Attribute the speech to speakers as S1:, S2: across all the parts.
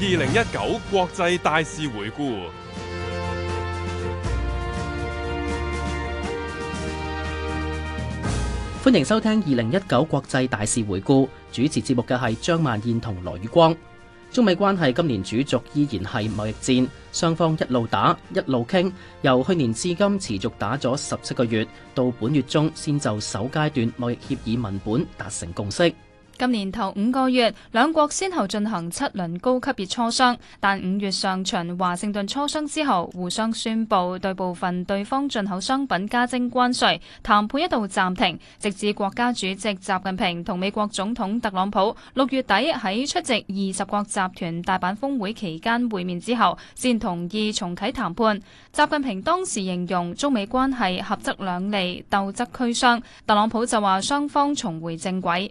S1: 二零一九國際大事回顧，歡迎收聽二零一九國際大事回顧。主持節目嘅係張萬燕同羅宇光。中美關係今年主軸依然係貿易戰，雙方一路打一路傾，由去年至今持續打咗十七個月，到本月中先就首階段貿易協議文本達成共識。
S2: 今年頭五個月，兩國先後進行七輪高級別磋商，但五月上旬華盛頓磋商之後，互相宣布對部分對方進口商品加徵關稅，談判一度暫停，直至國家主席習近平同美國總統特朗普六月底喺出席二十國集團大阪峰會期間會面之後，先同意重啟談判。習近平當時形容中美關係合則兩利，鬥則俱傷。特朗普就話雙方重回正軌。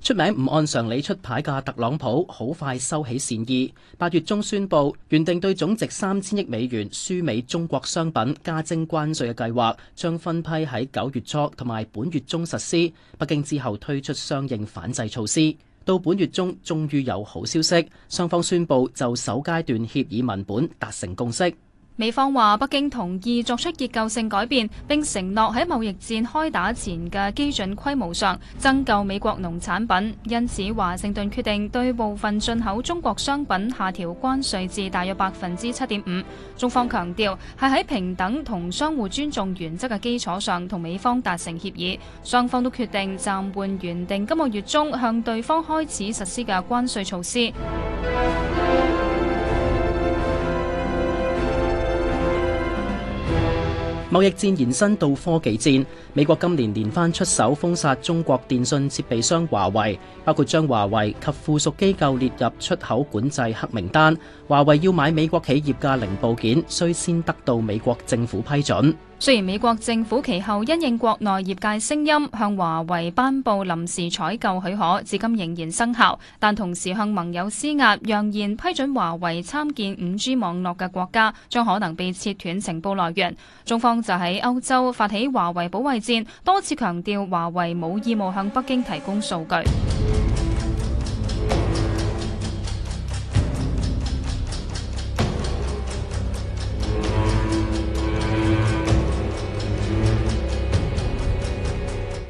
S1: 出名唔按常理出牌嘅特朗普，好快收起善意。八月中宣布原定對總值三千億美元輸美中國商品加徵關稅嘅計劃，將分批喺九月初同埋本月中實施。北京之後推出相應反制措施。到本月中，終於有好消息，雙方宣布就首階段協議文本達成共識。
S2: 美方話北京同意作出結構性改變，並承諾喺貿易戰開打前嘅基準規模上增購美國農產品，因此華盛頓決定對部分進口中國商品下調關稅至大約百分之七點五。中方強調係喺平等同相互尊重原則嘅基礎上同美方達成協議，雙方都決定暫緩原定今個月中向對方開始實施嘅關稅措施。
S1: 貿易戰延伸到科技戰，美國今年連番出手封殺中國電信設備商華為，包括將華為及附屬機構列入出口管制黑名單。華為要買美國企業嘅零部件，需先得到美國政府批准。
S2: 雖然美國政府其後因應國內業界聲音，向華為頒佈臨時採購許可，至今仍然生效，但同時向盟友施壓，揚言批准華為參建五 G 網絡嘅國家將可能被切斷情報來源。中方就喺歐洲發起華為保衛戰，多次強調華為冇義務向北京提供數據。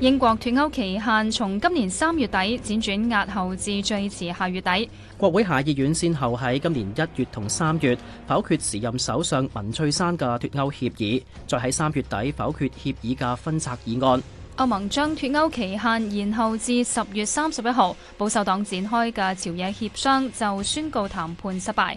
S2: 英國脱歐期限從今年三月底輾轉押後至最遲下月底。
S1: 國會下議院先後喺今年一月同三月否決時任首相文翠珊嘅脱歐協議，再喺三月底否決協議嘅分拆議案。
S2: 歐盟將脱歐期限延後至十月三十一號。保守黨展開嘅朝野協商就宣告談判失敗。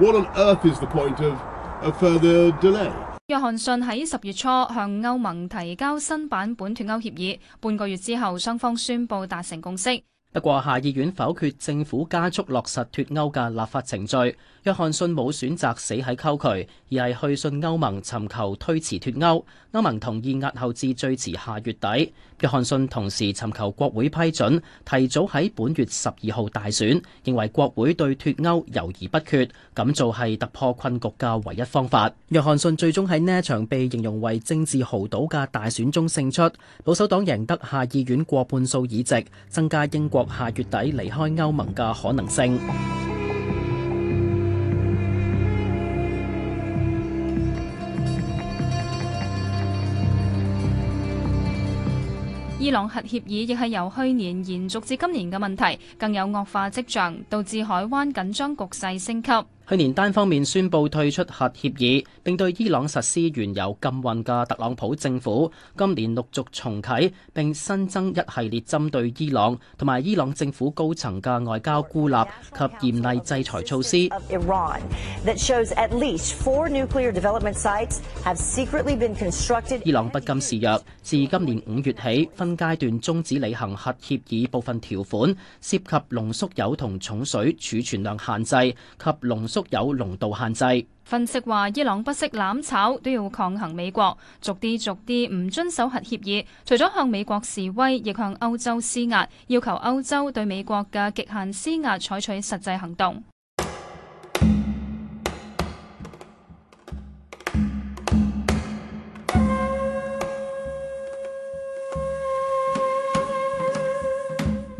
S1: What on earth is the point of a further delay?
S2: 約翰遜喺十月初向歐盟提交新版本脫歐協議，半個月之後雙方宣布達成共識。
S1: 不過，下議院否決政府加速落實脫歐嘅立法程序。約翰遜冇選擇死喺溝渠，而係去信歐盟尋求推遲脫歐。歐盟同意押後至最遲下月底。約翰遜同時尋求國會批准，提早喺本月十二號大選，認為國會對脫歐猶豫不決，咁做係突破困局嘅唯一方法。約翰遜最終喺呢一場被形容為政治豪賭嘅大選中勝出，保守黨贏得下議院過半數議席，增加英國下月底離開歐盟嘅可能性。
S2: 伊朗核協議亦係由去年延續至今年嘅問題，更有惡化跡象，導致海灣緊張局勢升級。
S1: 去年單方面宣布退出核協議，並對伊朗實施原油禁運嘅特朗普政府，今年陸續重啟並新增一系列針對伊朗同埋伊朗政府高層嘅外交孤立及嚴厲制裁措施。伊朗不甘示弱，自今年五月起分階段終止履行核協議部分條款，涉及濃縮鈾同重水儲存量限制及濃縮。足有濃度限制。
S2: 分析話，伊朗不惜攬炒都要抗衡美國，逐啲逐啲唔遵守核協議，除咗向美國示威，亦向歐洲施壓，要求歐洲對美國嘅極限施壓採取實際行動。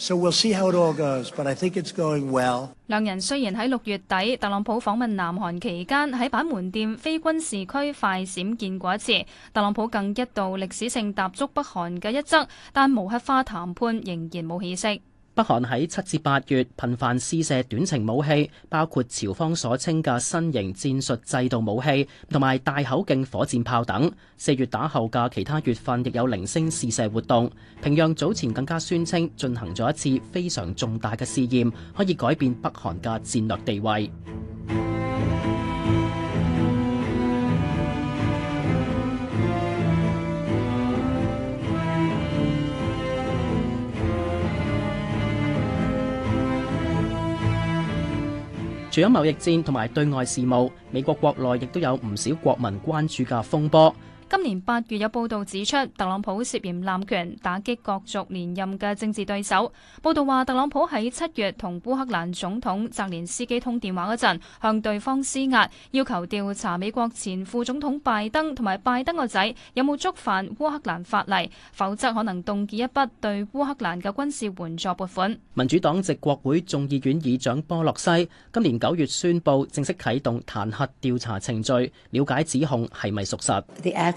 S2: So we'll see how it all goes, but I think it's going well. 兩人雖然喺六月底特朗普訪問南韓期間喺板門店非軍事區快閃見過一次，特朗普更一度歷史性踏足北韓嘅一側，但無核化談判仍然冇起色。
S1: 北韓喺七至八月頻繁試射短程武器，包括朝方所稱嘅新型戰術制導武器同埋大口徑火箭炮等。四月打後嘅其他月份亦有零星試射活動。平壤早前更加宣稱進行咗一次非常重大嘅試驗，可以改變北韓嘅戰略地位。除咗貿易戰同埋對外事務，美國國內亦都有唔少國民關注嘅風波。
S2: 今年八月有報道指出，特朗普涉嫌濫權打擊角逐連任嘅政治對手。報道話，特朗普喺七月同烏克蘭總統澤連斯基通電話嗰陣，向對方施壓，要求調查美國前副總統拜登同埋拜登個仔有冇觸犯烏克蘭法例，否則可能凍結一筆對烏克蘭嘅軍事援助撥款。
S1: 民主黨籍國會眾議院議長波洛西今年九月宣布正式啟動彈劾調查程序，了解指控係咪屬實。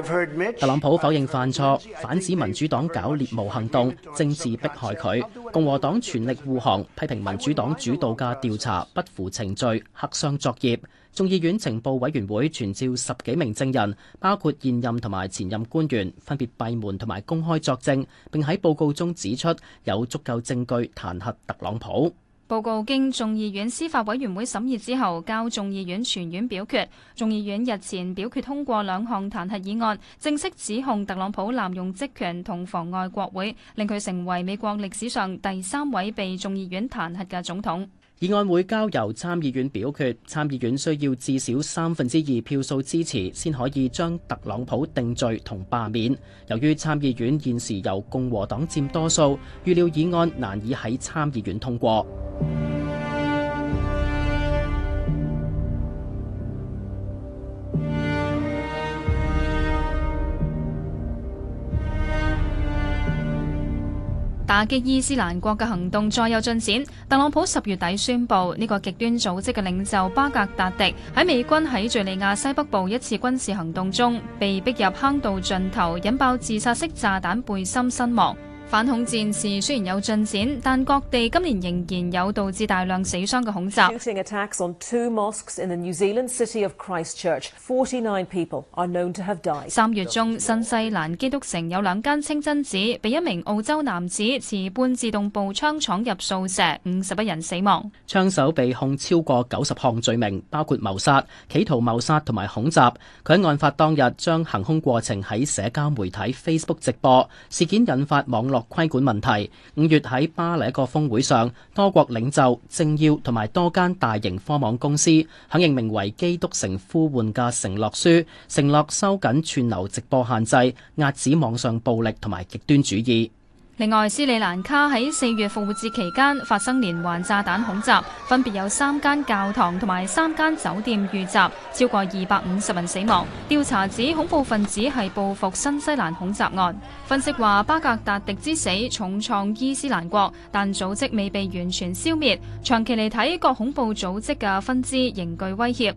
S1: 特朗普否認犯錯，反指民主黨搞獵巫行動，政治迫害佢。共和黨全力護航，批評民主黨主導嘅調查不符程序，黑箱作業。眾議院情報委員會傳召十幾名證人，包括現任同埋前任官員，分別閉門同埋公開作證，並喺報告中指出有足夠證據彈劾特朗普。
S2: 報告經眾議院司法委員會審議之後，交眾議院全院表決。眾議院日前表決通過兩項彈劾議案，正式指控特朗普濫用職權同妨礙國會，令佢成為美國歷史上第三位被眾議院彈劾嘅總統。
S1: 議案會交由參議院表決，參議院需要至少三分之二票數支持，先可以將特朗普定罪同罷免。由於參議院現時由共和黨佔多數，預料議案難以喺參議院通過。
S2: 打擊伊斯蘭國嘅行動再有進展，特朗普十月底宣布，呢個極端組織嘅領袖巴格達迪喺美軍喺敘利亞西北部一次軍事行動中，被逼入坑道盡頭引爆自殺式炸彈背心身亡。反恐戰事雖然有進展，但各地今年仍然有導致大量死傷嘅恐襲。三月中，新西蘭基督城有兩間清真寺被一名澳洲男子持半自動步槍闖入掃射，五十一人死亡。
S1: 槍手被控超過九十項罪名，包括謀殺、企圖謀殺同埋恐襲。佢喺案發當日將行兇過程喺社交媒體 Facebook 直播，事件引發網絡規管問題，五月喺巴黎一個峰會上，多國領袖、政要同埋多間大型科網公司，肯認名為《基督城呼喚》嘅承諾書，承諾收緊串流直播限制，壓止網上暴力同埋極端主義。
S2: 另外，斯里蘭卡喺四月復活節期間發生連環炸彈恐襲，分別有三間教堂同埋三間酒店遇襲超過二百五十人死亡。調查指恐怖分子係報復新西蘭恐襲案。分析話巴格達迪之死重創伊斯蘭國，但組織未被完全消滅，長期嚟睇各恐怖組織嘅分支仍具威脅。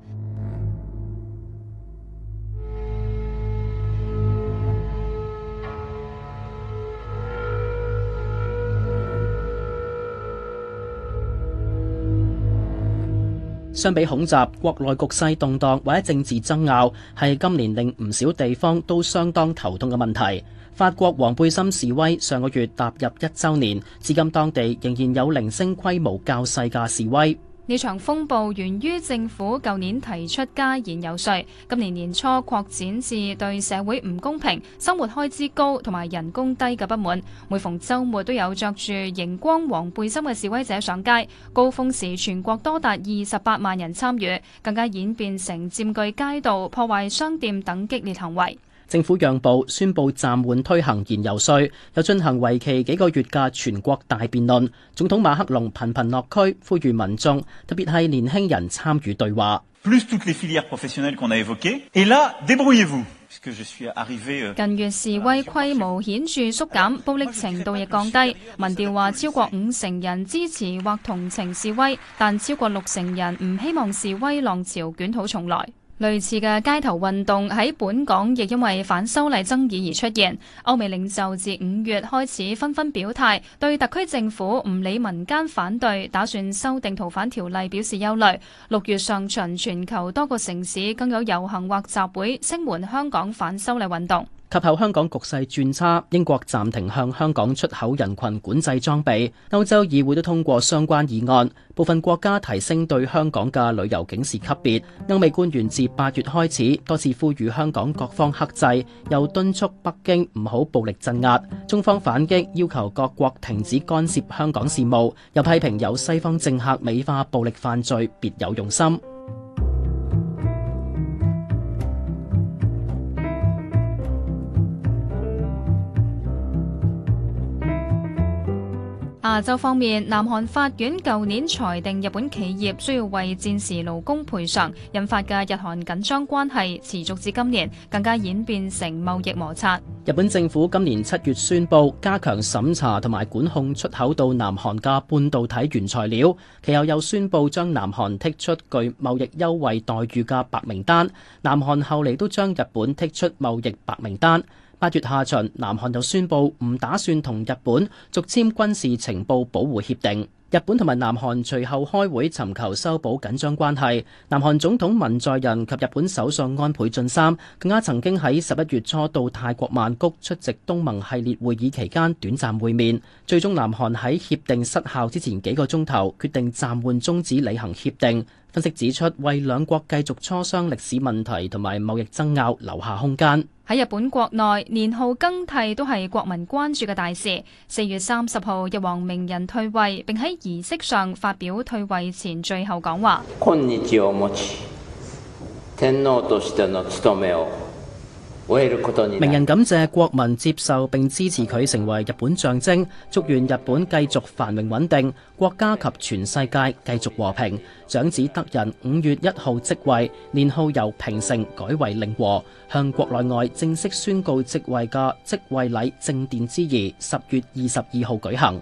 S1: 相比恐襲，國內局勢動盪或者政治爭拗，係今年令唔少地方都相當頭痛嘅問題。法國黃背心示威上個月踏入一週年，至今當地仍然有零星規模較細嘅示威。
S2: 呢場風暴源於政府舊年提出加燃油稅，今年年初擴展至對社會唔公平、生活開支高同埋人工低嘅不滿。每逢週末都有着住螢光黃背心嘅示威者上街，高峰時全國多達二十八萬人參與，更加演變成佔據街道、破壞商店等激烈行為。
S1: 政府讓步，宣布暫緩推行燃油稅，又進行為期幾個月嘅全國大辯論。總統馬克龍頻頻落區，呼籲民眾，特別係年輕人參與對話。
S2: 近月示威規模顯著縮減，暴力程度亦降低。民調話，超過五成人支持或同情示威，但超過六成人唔希望示威浪潮捲土重來。類似嘅街頭運動喺本港亦因為反修例爭議而出現。歐美領袖自五月開始，紛紛表態對特區政府唔理民間反對，打算修訂逃犯條例表示憂慮。六月上旬，全球多個城市更有遊行或集會聲援香港反修例運動。
S1: 及後香港局勢轉差，英國暫停向香港出口人群管制裝備，歐洲議會都通過相關議案，部分國家提升對香港嘅旅遊警示級別。歐美官員自八月開始多次呼籲香港各方克制，又敦促北京唔好暴力鎮壓。中方反擊，要求各國停止干涉香港事務，又批評有西方政客美化暴力犯罪，別有用心。
S2: 亞洲方面，南韓法院舊年裁定日本企業需要為戰時勞工賠償，引發嘅日韓緊張關係持續至今年，更加演變成貿易摩擦。
S1: 日本政府今年七月宣布加強審查同埋管控出口到南韓嘅半導體原材料，其後又宣布將南韓剔出具貿易優惠待遇嘅白名單。南韓後嚟都將日本剔出貿易白名單。八月下旬，南韓就宣佈唔打算同日本續簽軍事情報保護協定。日本同埋南韓隨後開會尋求修補緊張關係，南韓總統文在寅及日本首相安倍晉三更加曾經喺十一月初到泰國曼谷出席東盟系列會議期間短暫會面。最終南韓喺協定失效之前幾個鐘頭決定暫緩終止履行協定。分析指出，為兩國繼續磋商歷史問題同埋貿易爭拗留下空間。
S2: 喺日本國內，年號更替都係國民關注嘅大事。四月三十號，日皇明仁退位，並喺儀式上發表退位前最後講話。
S1: 明仁感謝國民接受並支持佢成為日本象徵，祝願日本繼續繁榮穩定，國家及全世界繼續和平。長子德仁五月一號即位，年號由平成改為令和，向國內外正式宣告即位嘅即位禮正殿之儀十月二十二號舉行。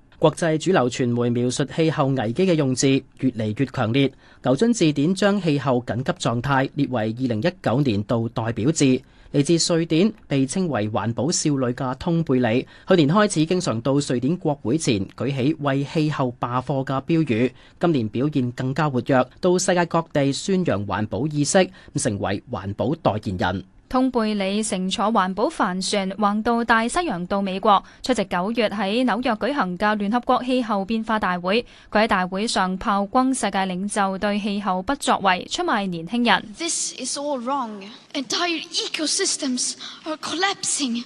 S1: 國際主流傳媒描述氣候危機嘅用字越嚟越強烈。牛津字典將氣候緊急狀態列為二零一九年度代表字。嚟自瑞典被稱為環保少女嘅通貝里，去年開始經常到瑞典國會前舉起為氣候罷課嘅標語。今年表現更加活躍，到世界各地宣揚環保意識，成為環保代言人。
S2: 通貝里乘坐環保帆船橫渡大西洋到美國，出席九月喺紐約舉行嘅聯合國氣候變化大會。佢喺大會上炮轟世界領袖對氣候不作為，出賣年輕人。This is all wrong. Entire ecosystems are collapsing.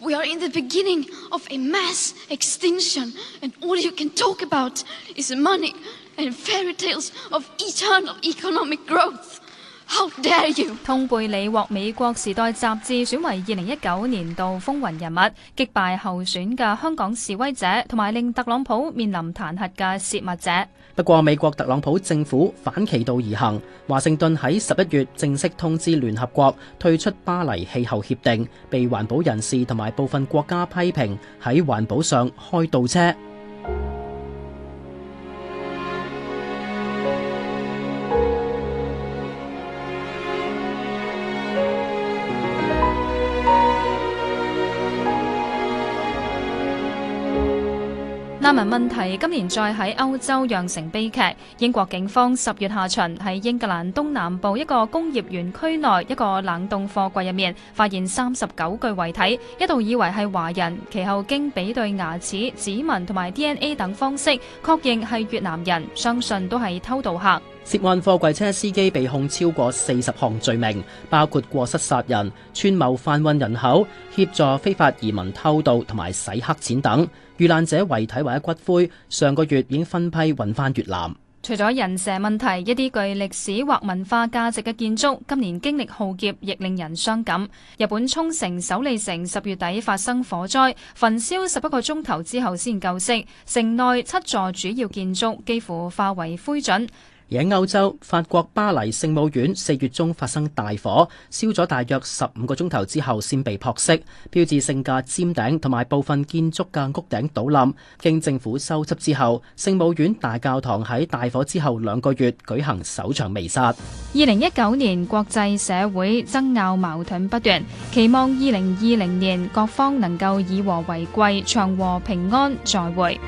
S2: We are in the beginning of a mass extinction, and all you can talk about is money and fairy tales of eternal economic growth. 通貝里獲美國《時代》雜誌選為二零一九年度風雲人物，擊敗候選嘅香港示威者，同埋令特朗普面臨彈劾嘅洩密者。
S1: 不過，美國特朗普政府反其道而行，華盛頓喺十一月正式通知聯合國退出巴黎氣候協定，被環保人士同埋部分國家批評喺環保上開倒車。
S2: 移民問題今年再喺歐洲釀成悲劇。英國警方十月下旬喺英格蘭東南部一個工業園區內一個冷凍貨櫃入面，發現三十九具遺體，一度以為係華人，其後經比對牙齒、指紋同埋 DNA 等方式，確認係越南人，相信都係偷渡客。
S1: 涉案貨櫃車司機被控超過四十項罪名，包括過失殺人、串謀販運人口、協助非法移民偷渡同埋洗黑錢等。遇難者遺體或者骨灰上個月已經分批運返越南。
S2: 除咗人蛇問題，一啲具歷史或文化價值嘅建築今年經歷浩劫，亦令人傷感。日本沖繩首里城十月底發生火災，焚燒十一個鐘頭之後先救熄，城內七座主要建築幾乎化為灰燼。
S1: 而喺歐洲，法國巴黎聖母院四月中發生大火，燒咗大約十五個鐘頭之後先被撲熄，標誌性嘅尖頂同埋部分建築嘅屋頂倒冧。經政府修葺之後，聖母院大教堂喺大火之後兩個月舉行首場彌撒。
S2: 二零一九年國際社會爭拗矛盾不斷，期望二零二零年各方能夠以和為貴，長和平安再會。